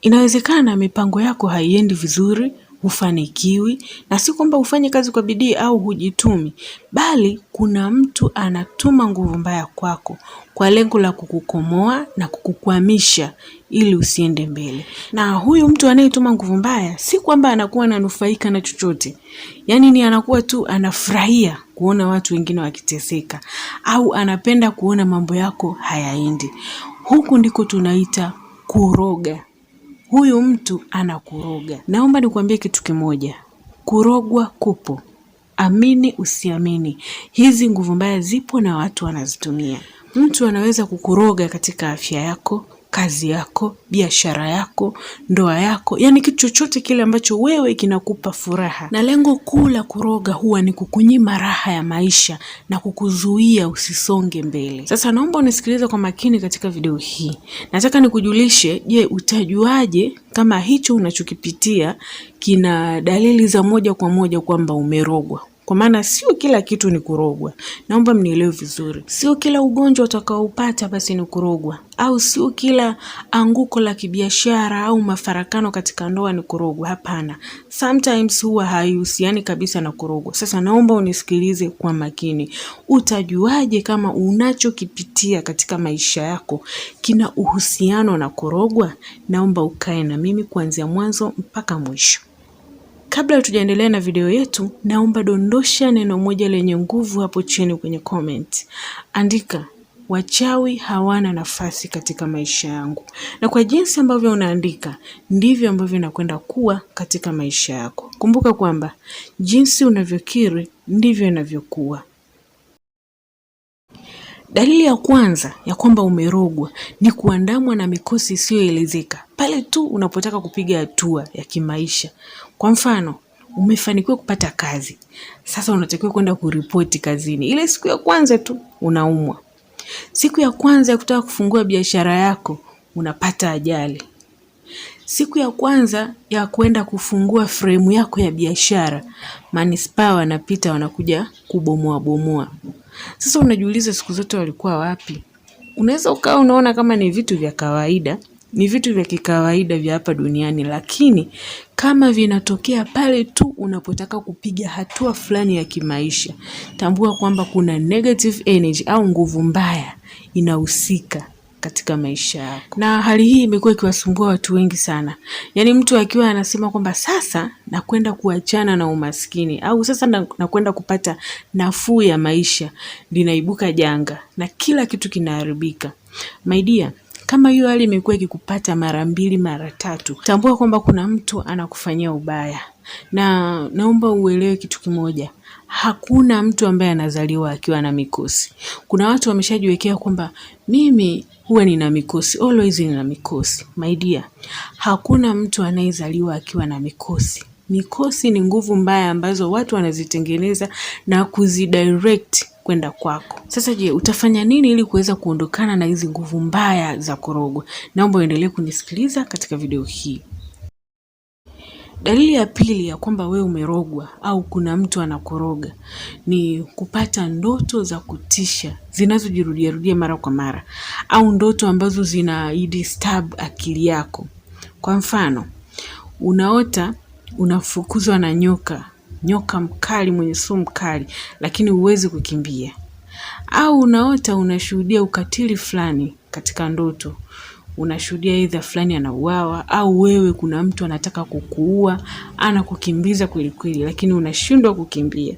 Inawezekana mipango yako haiendi vizuri, hufanikiwi, na si kwamba hufanye kazi kwa bidii au hujitumi, bali kuna mtu anatuma nguvu mbaya kwako kwa lengo la kukukomoa na kukukwamisha ili usiende mbele. Na huyu mtu anayetuma nguvu mbaya si kwamba anakuwa ananufaika na chochote, yaani ni anakuwa tu anafurahia kuona watu wengine wakiteseka, au anapenda kuona mambo yako hayaendi. Huku ndiko tunaita kuroga huyu mtu anakuroga. Naomba nikuambie kitu kimoja, kurogwa kupo, amini usiamini, hizi nguvu mbaya zipo na watu wanazitumia. Mtu anaweza kukuroga katika afya yako, kazi yako, biashara yako, ndoa yako, yaani kitu chochote kile ambacho wewe kinakupa furaha. Na lengo kuu la kuroga huwa ni kukunyima raha ya maisha na kukuzuia usisonge mbele. Sasa naomba unisikilize kwa makini katika video hii, nataka nikujulishe. Je, utajuaje kama hicho unachokipitia kina dalili za moja kwa moja kwamba umerogwa? kwa maana sio kila kitu ni kurogwa. Naomba mnielewe vizuri, sio kila ugonjwa utakaoupata basi ni kurogwa, au sio kila anguko la kibiashara au mafarakano katika ndoa ni kurogwa. Hapana, sometimes huwa haihusiani kabisa na kurogwa. Sasa naomba unisikilize kwa makini. Utajuaje kama unachokipitia katika maisha yako kina uhusiano na kurogwa? Naomba ukae na mimi kuanzia mwanzo mpaka mwisho. Kabla tujaendelea na video yetu, naomba dondosha neno moja lenye nguvu hapo chini kwenye comment. Andika wachawi hawana nafasi katika maisha yangu. Na kwa jinsi ambavyo unaandika ndivyo ambavyo inakwenda kuwa katika maisha yako. Kumbuka kwamba jinsi unavyokiri ndivyo inavyokuwa. Dalili ya kwanza ya kwamba umerogwa ni kuandamwa na mikosi isiyoelezeka pale tu unapotaka kupiga hatua ya kimaisha. Kwa mfano umefanikiwa kupata kazi, sasa unatakiwa kwenda kuripoti kazini. Ile siku ya kwanza tu unaumwa, siku ya kwanza ya kutaka kufungua biashara yako unapata ajali, siku ya kwanza ya kwenda kufungua fremu yako ya biashara manispaa wanapita wanakuja kubomoa bomoa. Sasa unajiuliza siku zote walikuwa wapi? Unaweza ukawa unaona kama ni vitu vya kawaida, ni vitu vya kikawaida vya hapa duniani, lakini kama vinatokea pale tu unapotaka kupiga hatua fulani ya kimaisha, tambua kwamba kuna negative energy au nguvu mbaya inahusika katika maisha yako. Na hali hii imekuwa ikiwasumbua watu wengi sana. Yaani mtu akiwa anasema kwamba sasa nakwenda kuachana na umaskini au sasa nakwenda kupata nafuu ya maisha, linaibuka janga na kila kitu kinaharibika. My dear, kama hiyo hali imekuwa ikikupata mara mbili mara tatu, tambua kwamba kuna mtu anakufanyia ubaya, na naomba uelewe kitu kimoja Hakuna mtu ambaye anazaliwa akiwa na mikosi. Kuna watu wameshajiwekea kwamba mimi huwa nina mikosi, always nina mikosi. My dear, hakuna mtu anayezaliwa akiwa na mikosi. Mikosi ni nguvu mbaya ambazo watu wanazitengeneza na kuzidirect kwenda kwako. Sasa je, utafanya nini ili kuweza kuondokana na hizi nguvu mbaya za korogwe? Naomba uendelee kunisikiliza katika video hii. Dalili ya pili ya kwamba wewe umerogwa au kuna mtu anakoroga ni kupata ndoto za kutisha zinazojirudiarudia mara kwa mara, au ndoto ambazo zina disturb akili yako. Kwa mfano, unaota unafukuzwa na nyoka nyoka mkali mwenye sumu kali, lakini huwezi kukimbia. Au unaota unashuhudia ukatili fulani katika ndoto, unashuhudia aidha fulani anauawa, au wewe kuna mtu anataka kukuua, anakukimbiza kwelikweli, lakini unashindwa kukimbia.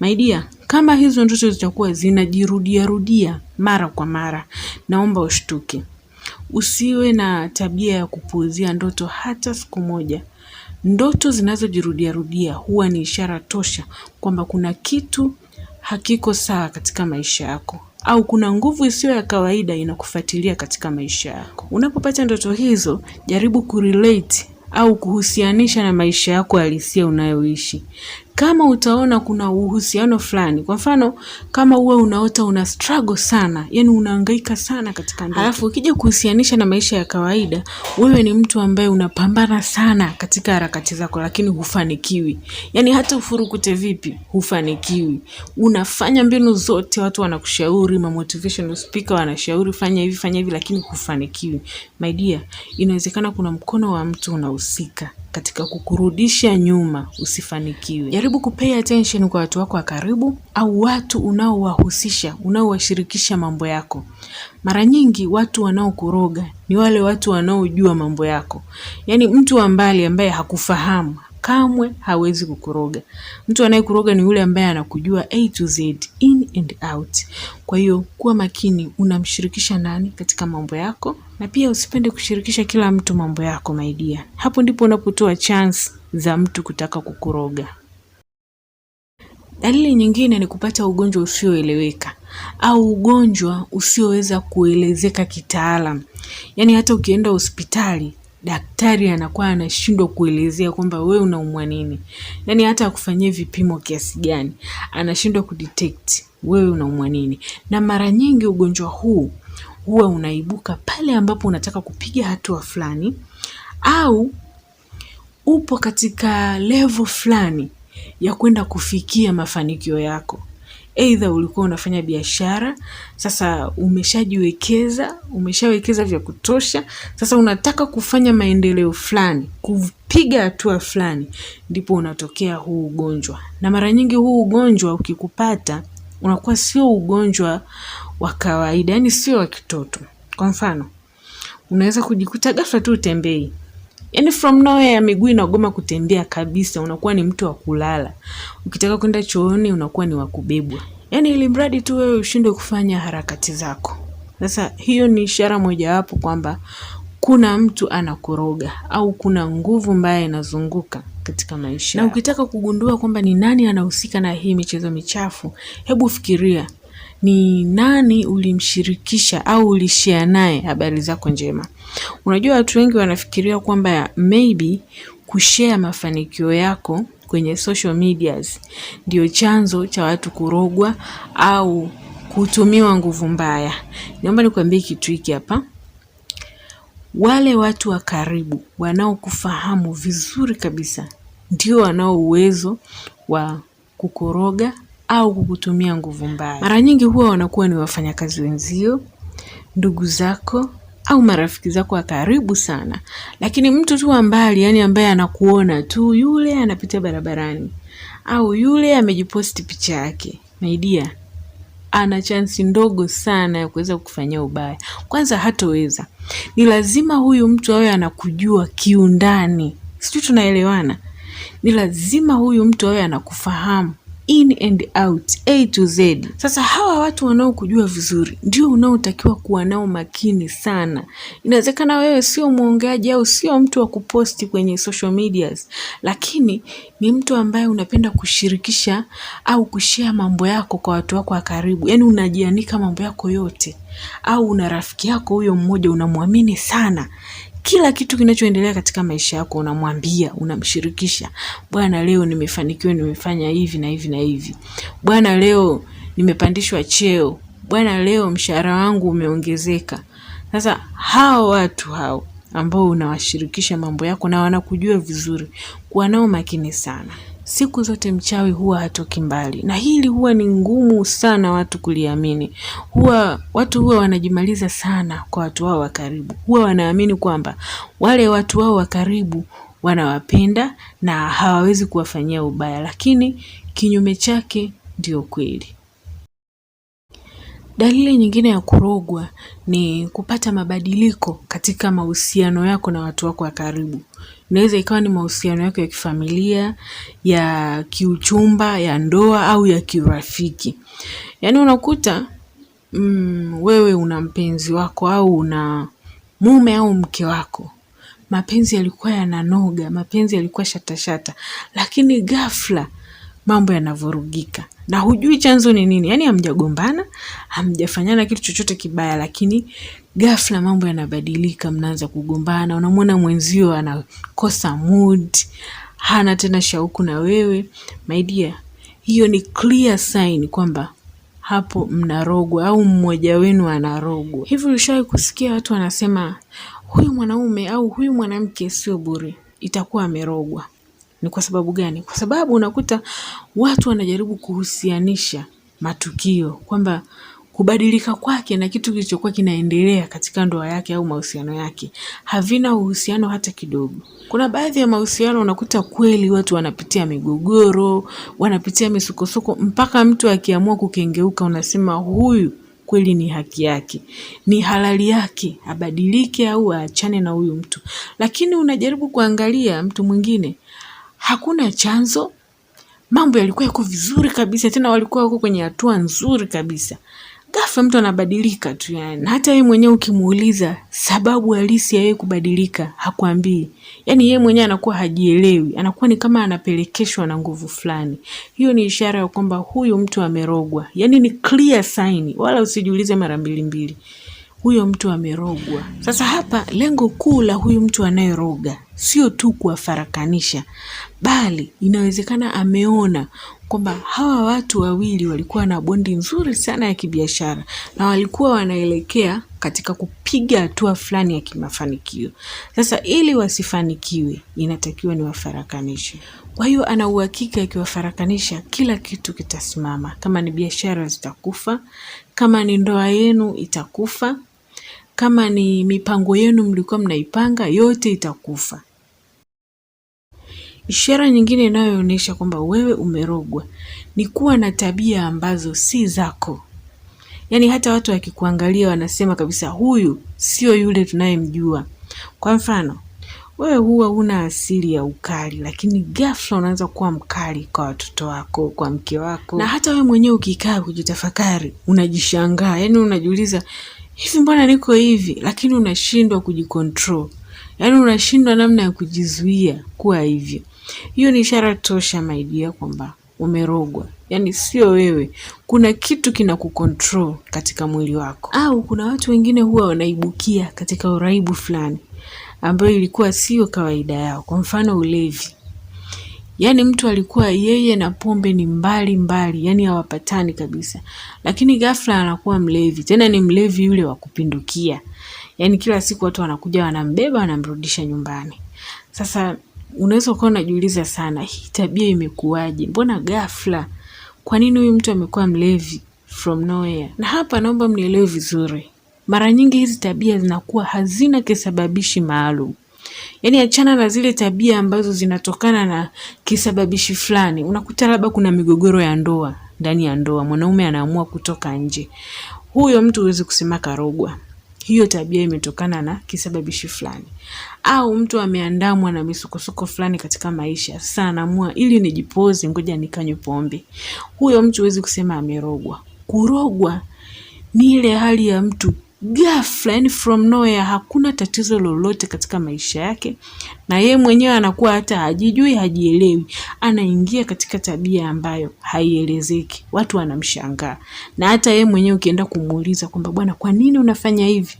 Maidia, kama hizo ndoto zitakuwa zinajirudiarudia mara kwa mara, naomba ushtuke. Usiwe na tabia ya kupuuzia ndoto hata siku moja. Ndoto zinazojirudiarudia huwa ni ishara tosha kwamba kuna kitu hakiko sawa katika maisha yako au kuna nguvu isiyo ya kawaida inakufuatilia katika maisha yako. Unapopata ndoto hizo, jaribu kurelate au kuhusianisha na maisha yako halisia unayoishi kama utaona kuna uhusiano fulani, kwa mfano kama uwe unaota una struggle sana, yani unahangaika sana katika ndoto, alafu ukija kuhusianisha na maisha ya kawaida, wewe ni mtu ambaye unapambana sana katika harakati zako, lakini hufanikiwi. Yani hata ufurukute vipi, hufanikiwi. Unafanya mbinu zote, watu wanakushauri, ma motivational speaker wanashauri fanya hivi, fanya hivi, lakini hufanikiwi. My dear, inawezekana kuna mkono wa mtu unahusika katika kukurudisha nyuma usifanikiwe. Jaribu kupay attention kwa watu wako wa karibu au watu unaowahusisha, unaowashirikisha mambo yako. Mara nyingi watu wanaokuroga ni wale watu wanaojua mambo yako, yaani mtu wa mbali ambaye hakufahamu kamwe hawezi kukuroga. Mtu anayekuroga ni yule ambaye anakujua A to Z, in and out. Kwa hiyo kuwa makini, unamshirikisha nani katika mambo yako, na pia usipende kushirikisha kila mtu mambo yako maidia. Hapo ndipo unapotoa chance za mtu kutaka kukuroga. Dalili nyingine ni kupata ugonjwa usioeleweka au ugonjwa usioweza kuelezeka kitaalam. Yaani hata ukienda hospitali daktari anakuwa anashindwa kuelezea kwamba wewe unaumwa nini, yaani hata akufanyie vipimo kiasi gani anashindwa kudetect wewe unaumwa nini. Na mara nyingi ugonjwa huu huwa unaibuka pale ambapo unataka kupiga hatua fulani au upo katika levo fulani ya kwenda kufikia mafanikio yako, Aidha ulikuwa unafanya biashara, sasa umeshajiwekeza, umeshawekeza vya kutosha, sasa unataka kufanya maendeleo fulani, kupiga hatua fulani, ndipo unatokea huu ugonjwa. Na mara nyingi huu ugonjwa ukikupata unakuwa sio ugonjwa wa kawaida, yani sio wa kitoto. Kwa mfano, unaweza kujikuta gafla tu utembei, yani from nowhere miguu inagoma kutembea kabisa, unakuwa ni mtu wa kulala. Ukitaka kwenda chooni unakuwa ni wa kubebwa, yani ili mradi tu wewe ushindwe kufanya harakati zako. Sasa hiyo ni ishara mojawapo kwamba kuna mtu anakuroga au kuna nguvu mbaya inazunguka katika maisha. Na ukitaka kugundua kwamba ni nani anahusika na hii michezo michafu, hebu fikiria ni nani ulimshirikisha au ulishia naye habari zako njema. Unajua watu wengi wanafikiria kwamba maybe kushare mafanikio yako kwenye social medias ndio chanzo cha watu kurogwa au kutumiwa nguvu mbaya. niomba nikuambie kitu hiki hapa. Wale watu wa karibu wanaokufahamu vizuri kabisa ndio wanao uwezo wa kukoroga au kukutumia nguvu mbaya. Mara nyingi huwa wanakuwa ni wafanyakazi wenzio, ndugu zako au marafiki zako wa karibu sana, lakini mtu tu wa mbali, yani ambaye anakuona tu, yule anapita barabarani au yule amejiposti picha yake, naidia ana chansi ndogo sana ya kuweza kukufanyia ubaya. Kwanza hatoweza, ni lazima huyu mtu awe anakujua kiundani, sijui tunaelewana. Ni lazima huyu mtu awe anakufahamu in and out, A to Z. Sasa hawa watu wanaokujua vizuri ndio unaotakiwa kuwa nao makini sana. Inawezekana wewe sio mwongeaji au sio mtu wa kuposti kwenye social medias, lakini ni mtu ambaye unapenda kushirikisha au kushare mambo yako kwa watu wako wa karibu, yaani unajianika mambo yako yote, au una rafiki yako huyo mmoja unamwamini sana kila kitu kinachoendelea katika maisha yako unamwambia, unamshirikisha. Bwana, leo nimefanikiwa, nimefanya hivi na hivi na hivi. Bwana, leo nimepandishwa cheo. Bwana, leo mshahara wangu umeongezeka. Sasa hao watu hao ambao unawashirikisha mambo yako na wanakujua vizuri, kuwa nao makini sana. Siku zote mchawi huwa hatoki mbali, na hili huwa ni ngumu sana watu kuliamini. Huwa watu huwa wanajimaliza sana kwa watu wao wa karibu, huwa wanaamini kwamba wale watu wao wa karibu wanawapenda na hawawezi kuwafanyia ubaya, lakini kinyume chake ndio kweli. Dalili nyingine ya kurogwa ni kupata mabadiliko katika mahusiano yako na watu wako wa karibu. Inaweza ikawa ni mahusiano yako ya kifamilia, ya kiuchumba, ya ndoa au ya kirafiki. Yaani unakuta mm, wewe una mpenzi wako au una mume au mke wako. Mapenzi yalikuwa yananoga, mapenzi yalikuwa shatashata, lakini ghafla mambo yanavurugika na hujui chanzo ni nini. Yani hamjagombana, hamjafanyana kitu chochote kibaya, lakini ghafla mambo yanabadilika, mnaanza kugombana. Unamwona mwenzio anakosa mood, hana tena shauku na wewe. My dear, hiyo ni clear sign kwamba hapo mnarogwa au mmoja wenu anarogwa. Hivi ulishawahi kusikia watu wanasema huyu mwanaume au huyu mwanamke sio bure, itakuwa amerogwa? Ni kwa sababu gani? Kwa sababu unakuta watu wanajaribu kuhusianisha matukio kwamba kubadilika kwake na kitu kilichokuwa kinaendelea katika ndoa yake au mahusiano yake havina uhusiano hata kidogo. Kuna baadhi ya mahusiano unakuta kweli watu wanapitia migogoro, wanapitia misukosuko mpaka mtu akiamua kukengeuka unasema huyu kweli ni haki yake, ni halali yake abadilike au aachane na huyu mtu. Lakini unajaribu kuangalia mtu mwingine hakuna chanzo. Mambo yalikuwa yako vizuri kabisa, tena walikuwa wako kwenye hatua nzuri kabisa. Ghafla mtu anabadilika tu yani, hata yeye mwenyewe ukimuuliza sababu halisi ya yeye kubadilika hakwambii. Yani yeye mwenyewe anakuwa hajielewi, anakuwa ni kama anapelekeshwa na nguvu fulani. Hiyo ni ishara ya kwamba huyu mtu amerogwa, yani ni clear sign, wala usijiulize mara mbili mbili huyo mtu amerogwa. Sasa hapa lengo kuu la huyu mtu anayeroga sio tu kuwafarakanisha, bali inawezekana ameona kwamba hawa watu wawili walikuwa na bondi nzuri sana ya kibiashara na walikuwa wanaelekea katika kupiga hatua fulani ya kimafanikio. Sasa ili wasifanikiwe, inatakiwa ni wafarakanishe. Kwa hiyo ana uhakika akiwafarakanisha, kila kitu kitasimama. Kama ni biashara zitakufa, kama ni ndoa yenu itakufa, kama ni mipango yenu mlikuwa mnaipanga yote itakufa. Ishara nyingine inayoonyesha kwamba wewe umerogwa ni kuwa na tabia ambazo si zako, yaani hata watu wakikuangalia wanasema kabisa huyu sio yule tunayemjua. Kwa mfano, wewe huwa huna asili ya ukali, lakini ghafla unaanza kuwa mkali kwa watoto wako, kwa mke wako, na hata wewe mwenyewe ukikaa kujitafakari unajishangaa, yaani unajiuliza hivi mbona niko hivi, lakini unashindwa kujikontrol, yaani unashindwa namna ya kujizuia kuwa hivyo. Hiyo ni ishara tosha my dear kwamba umerogwa, yaani sio wewe, kuna kitu kinakukontrol katika mwili wako. Au kuna watu wengine huwa wanaibukia katika uraibu fulani ambayo ilikuwa sio kawaida yao, kwa mfano ulevi Yaani mtu alikuwa yeye na pombe ni mbali mbali, yani hawapatani kabisa. Lakini ghafla anakuwa mlevi, tena ni mlevi yule wa kupindukia. Yaani kila siku watu wanakuja wanambeba wanamrudisha nyumbani. Sasa unaweza ukawa unajiuliza sana, hii tabia imekuwaje? Mbona ghafla? Kwa nini huyu mtu amekuwa mlevi from nowhere? Na hapa naomba mnielewe vizuri. Mara nyingi hizi tabia zinakuwa hazina kisababishi maalum yani achana na zile tabia ambazo zinatokana na kisababishi fulani. Unakuta labda kuna migogoro ya ndoa, ndani ya ndoa mwanaume anaamua kutoka nje, huyo mtu huwezi kusema karogwa hiyo tabia imetokana na kisababishi fulani, au mtu ameandamwa na misukosuko fulani katika maisha. Sasa anaamua ili nijipoze, ngoja nikanywe pombe, huyo mtu huwezi kusema amerogwa. Kurogwa ni ile hali ya mtu ghafla, yani from nowhere, hakuna tatizo lolote katika maisha yake, na yeye mwenyewe anakuwa hata hajijui, hajielewi, anaingia katika tabia ambayo haielezeki, watu wanamshangaa, na hata yeye mwenyewe ukienda kumuuliza kwamba bwana, kwa nini unafanya hivi,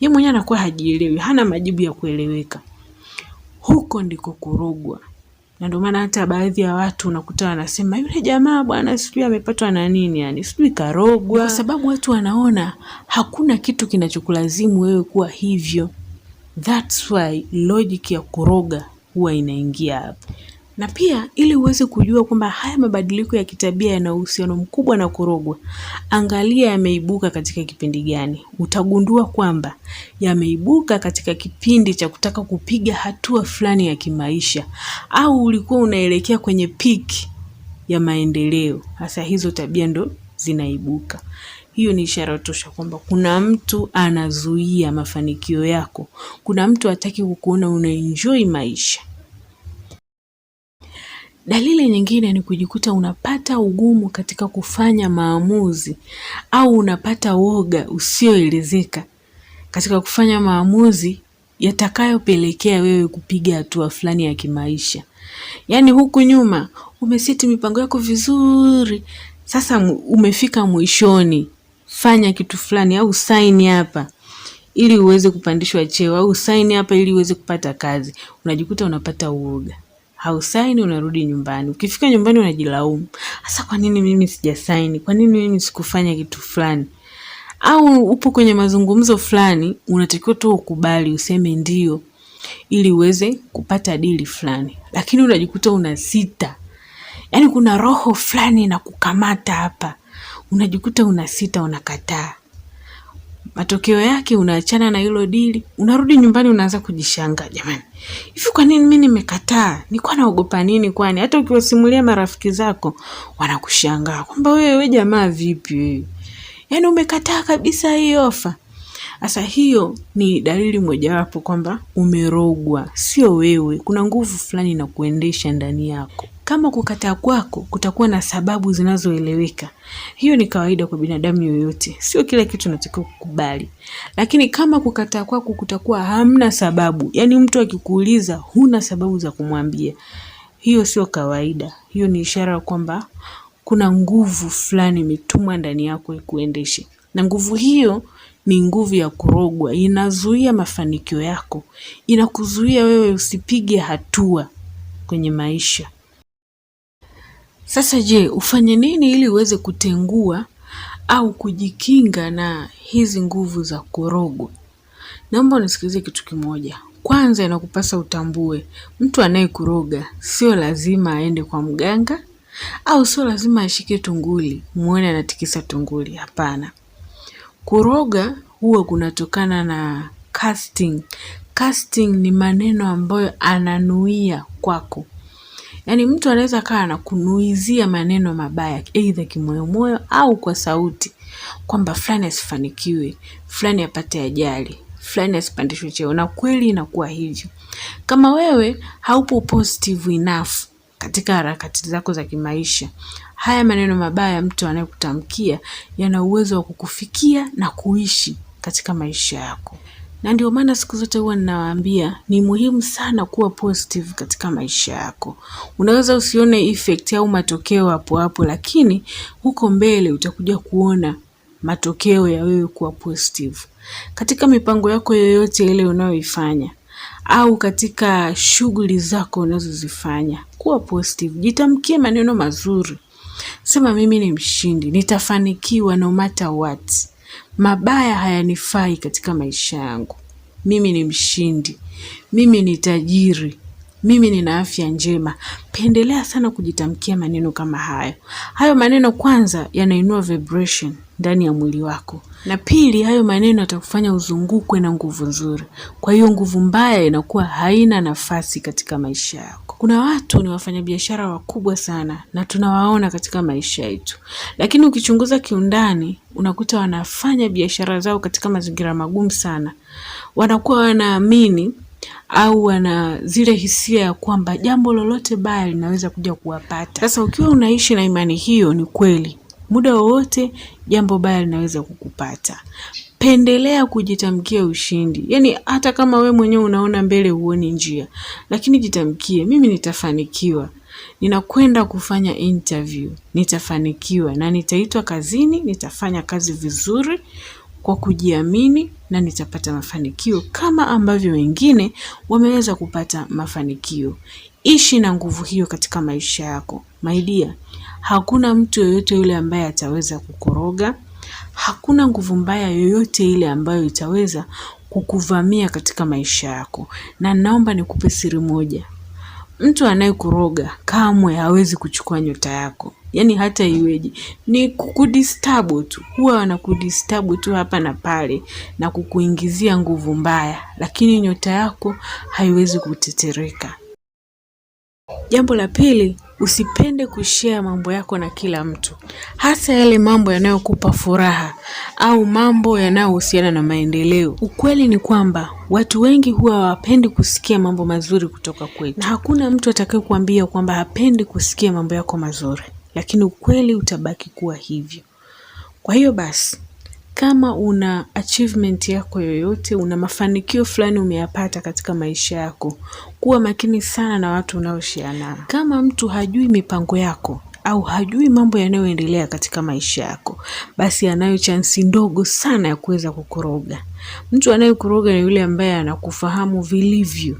yeye mwenyewe anakuwa hajielewi, hana majibu ya kueleweka. Huko ndiko kurogwa na ndio maana hata baadhi ya watu unakuta wanasema yule jamaa bwana sijui amepatwa na nini, yani sijui karogwa, kwa sababu watu wanaona hakuna kitu kinachokulazimu wewe kuwa hivyo. That's why logic ya kuroga huwa inaingia hapo na pia ili uweze kujua kwamba haya mabadiliko ya kitabia yana uhusiano mkubwa na korogwe, angalia yameibuka katika kipindi gani. Utagundua kwamba yameibuka katika kipindi cha kutaka kupiga hatua fulani ya kimaisha, au ulikuwa unaelekea kwenye pik ya maendeleo. Hasa hizo tabia ndo zinaibuka. Hiyo ni ishara tosha kwamba kuna mtu anazuia mafanikio yako, kuna mtu hataki kukuona unaenjoy maisha. Dalili nyingine ni kujikuta unapata ugumu katika kufanya maamuzi au unapata woga usioelezeka katika kufanya maamuzi yatakayopelekea wewe kupiga hatua fulani ya kimaisha. Yaani huku nyuma umeseti mipango yako vizuri, sasa umefika mwishoni, fanya kitu fulani au saini hapa ili uweze kupandishwa cheo au saini hapa ili uweze kupata kazi, unajikuta unapata uoga hausaini unarudi nyumbani. Ukifika nyumbani unajilaumu, hasa kwa nini mimi sijasaini? Kwa nini mimi sikufanya kitu fulani? Au upo kwenye mazungumzo fulani, unatakiwa tu ukubali, useme ndio ili uweze kupata dili fulani, lakini unajikuta una sita. Yaani kuna roho fulani na kukamata hapa, unajikuta una sita, unakataa. Matokeo yake unaachana na hilo dili, unarudi nyumbani, unaanza kujishanga, jamani, hivi kwa nini mimi nimekataa? Nilikuwa naogopa nini? Kwani hata ukiwasimulia marafiki zako wanakushangaa kwamba wewe we jamaa vipi wewe, yaani umekataa kabisa hii ofa. Sasa hiyo ni dalili mojawapo kwamba umerogwa, sio wewe. Kuna nguvu fulani inakuendesha ndani yako. Kama kukataa kwako kutakuwa na sababu zinazoeleweka, hiyo ni kawaida kwa binadamu yoyote, sio kila kitu natakiwa kukubali. Lakini kama kukataa kwako kutakuwa hamna sababu, yaani mtu akikuuliza huna sababu za kumwambia, hiyo sio kawaida. Hiyo ni ishara kwamba kuna nguvu fulani imetumwa ndani yako ikuendeshe, na nguvu hiyo ni nguvu ya kurogwa. Inazuia mafanikio yako, inakuzuia wewe usipige hatua kwenye maisha. Sasa je, ufanye nini ili uweze kutengua au kujikinga na hizi nguvu za kurogwa? Naomba unisikilize kitu kimoja. Kwanza, inakupasa utambue mtu anayekuroga sio lazima aende kwa mganga au sio lazima ashike tunguli muone anatikisa tunguli. Hapana, kuroga huwa kunatokana na casting. Casting ni maneno ambayo ananuia kwako Yaani mtu anaweza kaa kunuizia maneno mabaya aidha kimoyomoyo au kwa sauti kwamba fulani asifanikiwe, fulani apate ajali, fulani asipandishwe cheo na kweli inakuwa hivyo. Kama wewe haupo positive enough katika harakati zako za kimaisha, haya maneno mabaya mtu anayekutamkia yana uwezo wa kukufikia na kuishi katika maisha yako na ndio maana siku zote huwa ninawaambia ni muhimu sana kuwa positive katika maisha yako. Unaweza usione effect au matokeo hapo hapo, lakini huko mbele utakuja kuona matokeo ya wewe kuwa positive katika mipango yako yoyote ile unayoifanya au katika shughuli zako unazozifanya. Kuwa positive, jitamkie maneno mazuri, sema mimi ni mshindi, nitafanikiwa no matter what mabaya hayanifai katika maisha yangu. Mimi ni mshindi, mimi ni tajiri, mimi nina afya njema. Pendelea sana kujitamkia maneno kama hayo. Hayo maneno kwanza yanainua vibration ndani ya mwili wako, na pili, hayo maneno yatakufanya uzungukwe na nguvu nzuri. Kwa hiyo nguvu mbaya inakuwa haina nafasi katika maisha yako. Kuna watu ni wafanyabiashara wakubwa sana na tunawaona katika maisha yetu, lakini ukichunguza kiundani, unakuta wanafanya biashara zao katika mazingira magumu sana. Wanakuwa wanaamini au wana zile hisia ya kwamba jambo lolote baya linaweza kuja kuwapata. Sasa ukiwa unaishi na imani hiyo, ni kweli muda wowote jambo baya linaweza kukupata. Pendelea kujitamkia ushindi, yaani hata kama we mwenyewe unaona mbele huoni njia, lakini jitamkie, mimi nitafanikiwa, ninakwenda kufanya interview, nitafanikiwa na nitaitwa kazini, nitafanya kazi vizuri kwa kujiamini na nitapata mafanikio kama ambavyo wengine wameweza kupata mafanikio. Ishi na nguvu hiyo katika maisha yako. maidia hakuna mtu yoyote yule ambaye ataweza kukoroga. Hakuna nguvu mbaya yoyote ile ambayo itaweza kukuvamia katika maisha yako. Na naomba nikupe siri moja. Mtu anayekuroga kamwe hawezi kuchukua nyota yako yani hata iweje, ni kukudistabu tu, huwa wanakudistabu tu hapa na pale na kukuingizia nguvu mbaya, lakini nyota yako haiwezi kutetereka. Jambo la pili, usipende kushea mambo yako na kila mtu, hasa yale mambo yanayokupa furaha au mambo yanayohusiana na maendeleo. Ukweli ni kwamba watu wengi huwa hawapendi kusikia mambo mazuri kutoka kwetu, na hakuna mtu atakayekuambia kwamba hapendi kusikia mambo yako mazuri lakini ukweli utabaki kuwa hivyo. Kwa hiyo basi, kama una achievement yako yoyote, una mafanikio fulani umeyapata katika maisha yako, kuwa makini sana na watu unaoshianao Kama mtu hajui mipango yako au hajui mambo yanayoendelea katika maisha yako, basi anayo chansi ndogo sana ya kuweza kukoroga. Mtu anayekoroga ni yule ambaye anakufahamu vilivyo.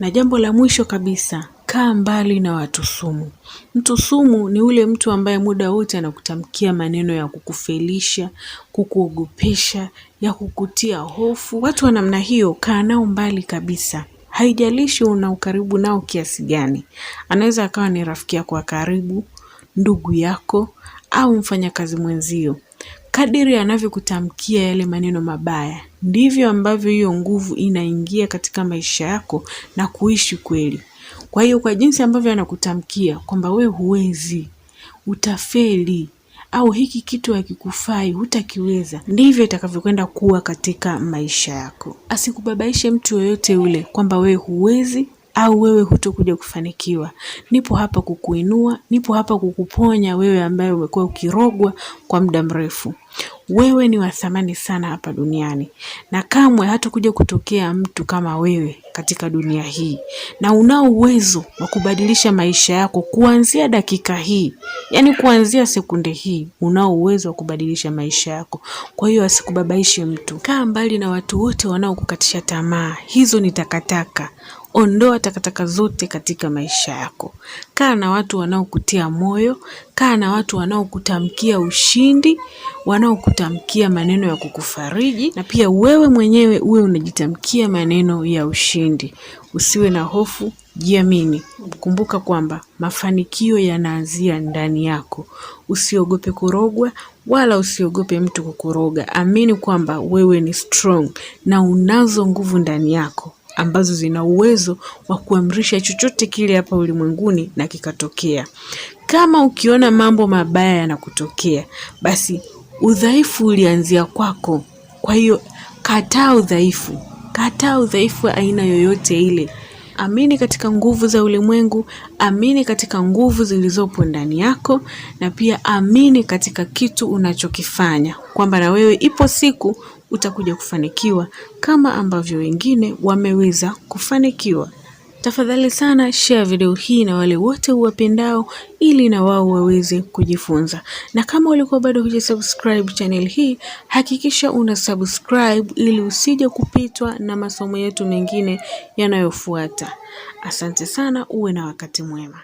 Na jambo la mwisho kabisa, Kaa mbali na watu sumu. Mtu sumu ni ule mtu ambaye muda wote anakutamkia maneno ya kukufelisha, kukuogopesha, ya kukutia hofu. Watu wa namna hiyo kaa nao mbali kabisa. Haijalishi una ukaribu nao kiasi gani. Anaweza akawa ni rafiki yako wa karibu, ndugu yako au mfanyakazi mwenzio. Kadiri anavyokutamkia yale maneno mabaya, ndivyo ambavyo hiyo nguvu inaingia katika maisha yako na kuishi kweli. Kwa hiyo kwa jinsi ambavyo anakutamkia kwamba we huwezi, utafeli au hiki kitu hakikufai, hutakiweza, ndivyo itakavyokwenda kuwa katika maisha yako. Asikubabaishe mtu yoyote ule kwamba wewe huwezi au wewe hutokuja kufanikiwa. Nipo hapa kukuinua, nipo hapa kukuponya wewe ambaye umekuwa ukirogwa kwa muda mrefu. Wewe ni wa thamani sana hapa duniani, na kamwe hatakuja kutokea mtu kama wewe katika dunia hii, na unao uwezo wa kubadilisha maisha yako kuanzia dakika hii, yani kuanzia sekunde hii, unao uwezo wa kubadilisha maisha yako. Kwa hiyo asikubabaishe mtu, kaa mbali na watu wote wanaokukatisha tamaa. Hizo ni takataka. Ondoa takataka zote katika maisha yako. Kaa na watu wanaokutia moyo, kaa na watu wanaokutamkia ushindi, wanaoku kukutamkia maneno ya kukufariji na pia wewe mwenyewe uwe unajitamkia maneno ya ushindi. Usiwe na hofu, jiamini. Kumbuka kwamba mafanikio yanaanzia ndani yako. Usiogope kurogwa wala usiogope mtu kukuroga Amini kwamba wewe ni strong na unazo nguvu ndani yako ambazo zina uwezo wa kuamrisha chochote kile hapa ulimwenguni na kikatokea. Kama ukiona mambo mabaya yanakutokea, basi udhaifu ulianzia kwako. Kwa hiyo kataa udhaifu, kataa udhaifu wa aina yoyote ile. Amini katika nguvu za ulimwengu, amini katika nguvu zilizopo ndani yako, na pia amini katika kitu unachokifanya kwamba na wewe ipo siku utakuja kufanikiwa kama ambavyo wengine wameweza kufanikiwa. Tafadhali sana share video hii na wale wote uwapendao ili na wao waweze kujifunza. Na kama ulikuwa bado hujasubscribe channel hii, hakikisha una subscribe ili usije kupitwa na masomo yetu mengine yanayofuata. Asante sana, uwe na wakati mwema.